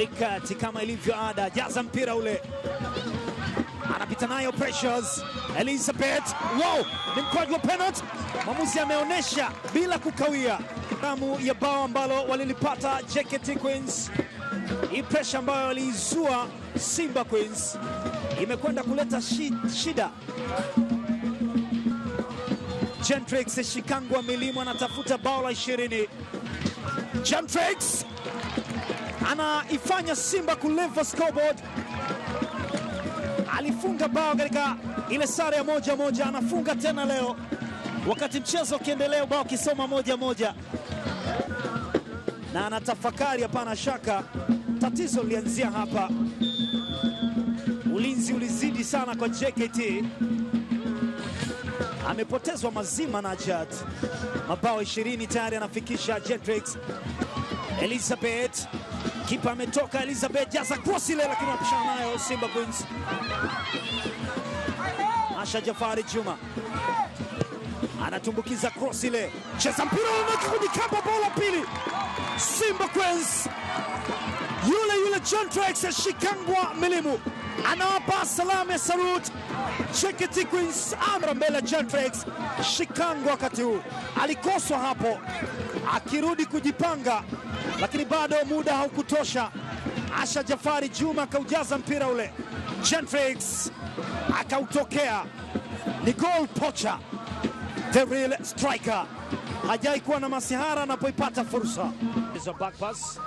Wikati kama ilivyo ada, jaza mpira ule, anapita nayo pressures. Elizabeth. Wow, ni mkwaju wa penalty. Mwamuzi ameonyesha bila kukawia damu ya bao ambalo walilipata JKT Queens. Hii pressure ambayo waliizua Simba Queens imekwenda kuleta shida. Gentrix Shikangwa Milimo anatafuta bao la 20 Gentrix anaifanya Simba kuleva scoreboard. Alifunga bao katika ile sare ya moja moja, anafunga tena leo, wakati mchezo ukiendelea, bao kisoma moja moja, na anatafakari. Hapana shaka tatizo lilianzia hapa, ulinzi ulizidi sana kwa JKT, amepotezwa mazima na Jad. Mabao 20 tayari anafikisha Jetrix Elizabeth Kipa ametoka Elizabeth Jaza cross ile, lakini wapishana nayo Simba Queens. Asha Jafari Juma anatumbukiza cross ile, cheza mpira unakujikamba, bola pili, Simba Queens yule yule John Trax Shikangwa Milimu anawapa salamu ya sarut Cheketi Queens. Amra mbele ya John Trax Shikangwa, wakati huu alikoswa hapo, akirudi kujipanga, lakini bado muda haukutosha. Asha Jafari Juma akaujaza mpira ule, John Trax akautokea, ni goal pocha the real striker, hajai kuwa na masihara anapoipata fursa. It's a back pass.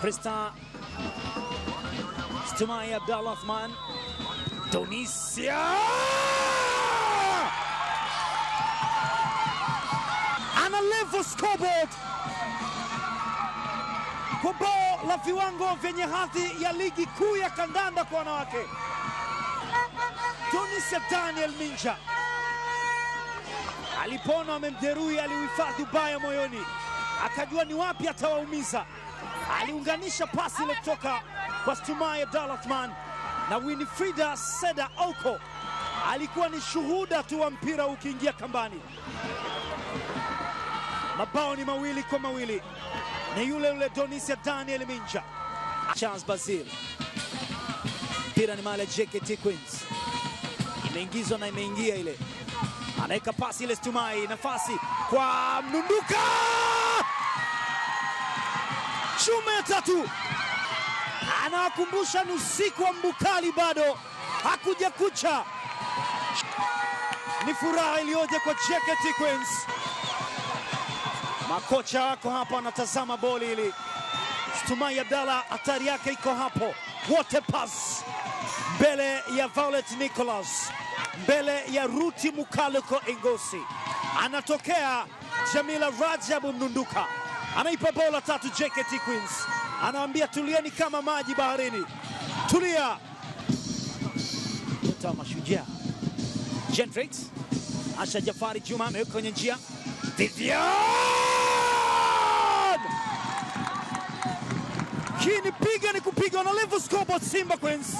Krista Stumai Abdallah Othman Tunisia analevu scoreboard kwa bao la viwango vyenye hadhi ya ligi kuu ya kandanda kwa wanawake. Donisia Daniel Minja alipona, amemjeruhi, aliuhifadhi ubaya moyoni, akajua ni wapi atawaumiza. Aliunganisha pasi iliyotoka kwa Stumaye dalatman na Winifrida Seda Oko alikuwa ni shuhuda tu wa mpira ukiingia kambani. Mabao ni mawili kwa mawili, ni yule yule Donisia Daniel Minja. Charles Bazil mpira ni mali ya JKT Queens, imeingizwa na imeingia ile, anaweka pasi ile, Stumai nafasi kwa Mnunduka, chuma ya tatu, anawakumbusha ni usiku wa Mbukali, bado hakuja kucha. Ni furaha iliyoje kwa JKT Queens. Makocha wako hapa wanatazama boli hili. Natumai Abdalla hatari yake iko hapo, wote pass mbele ya Violet Nicholas, mbele ya Ruti Mukaluko Ingosi, anatokea Jamila Rajabu Mnunduka, anaipa bola tatu JKT Queens, anaambia tulieni kama maji baharini, tulia ta mashujaa Jendrix Asha Jafari Juma ameweka kwenye njia Vivian lakini piga ni kupiga na level scoreboard Simba Queens.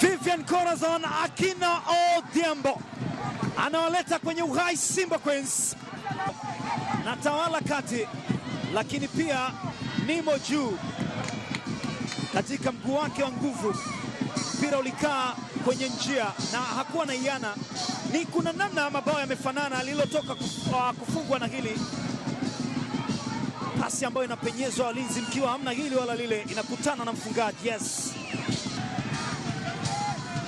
Vivian Corazon akina Odhiambo anawaleta kwenye uhai Simba Queens na tawala kati, lakini pia nimo juu katika mguu wake wa nguvu, mpira ulikaa kwenye njia na hakuwa na iana. Ni kuna namna mabao yamefanana, alilotoka kufungwa na hili pasi ambayo inapenyezwa walinzi mkiwa hamna hili wala lile, inakutana na mfungaji. Yes,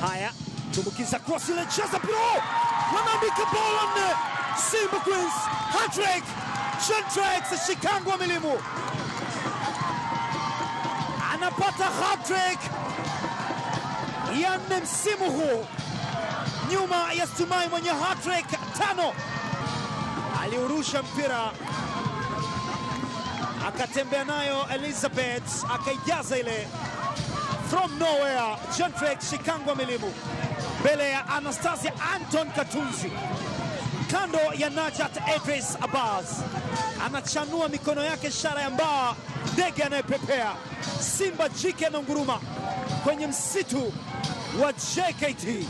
haya, tumbukiza cross ile, cheza piro, wanaandika bao nne. Simba Queens hattrick. Chantrax Shikangwa Milimu anapata hattrick ya nne msimu huu nyuma ya Stumai mwenye hattrick tano, aliurusha mpira akatembea nayo Elizabeth akaijaza ile from nowhere. Jenfred Shikangwa Milimu mbele ya Anastasia Anton Katunzi, kando ya Najat edris Abbas, anachanua mikono yake, ishara ya mbaa, ndege anayepepea, simba jike nguruma kwenye msitu wa JKT.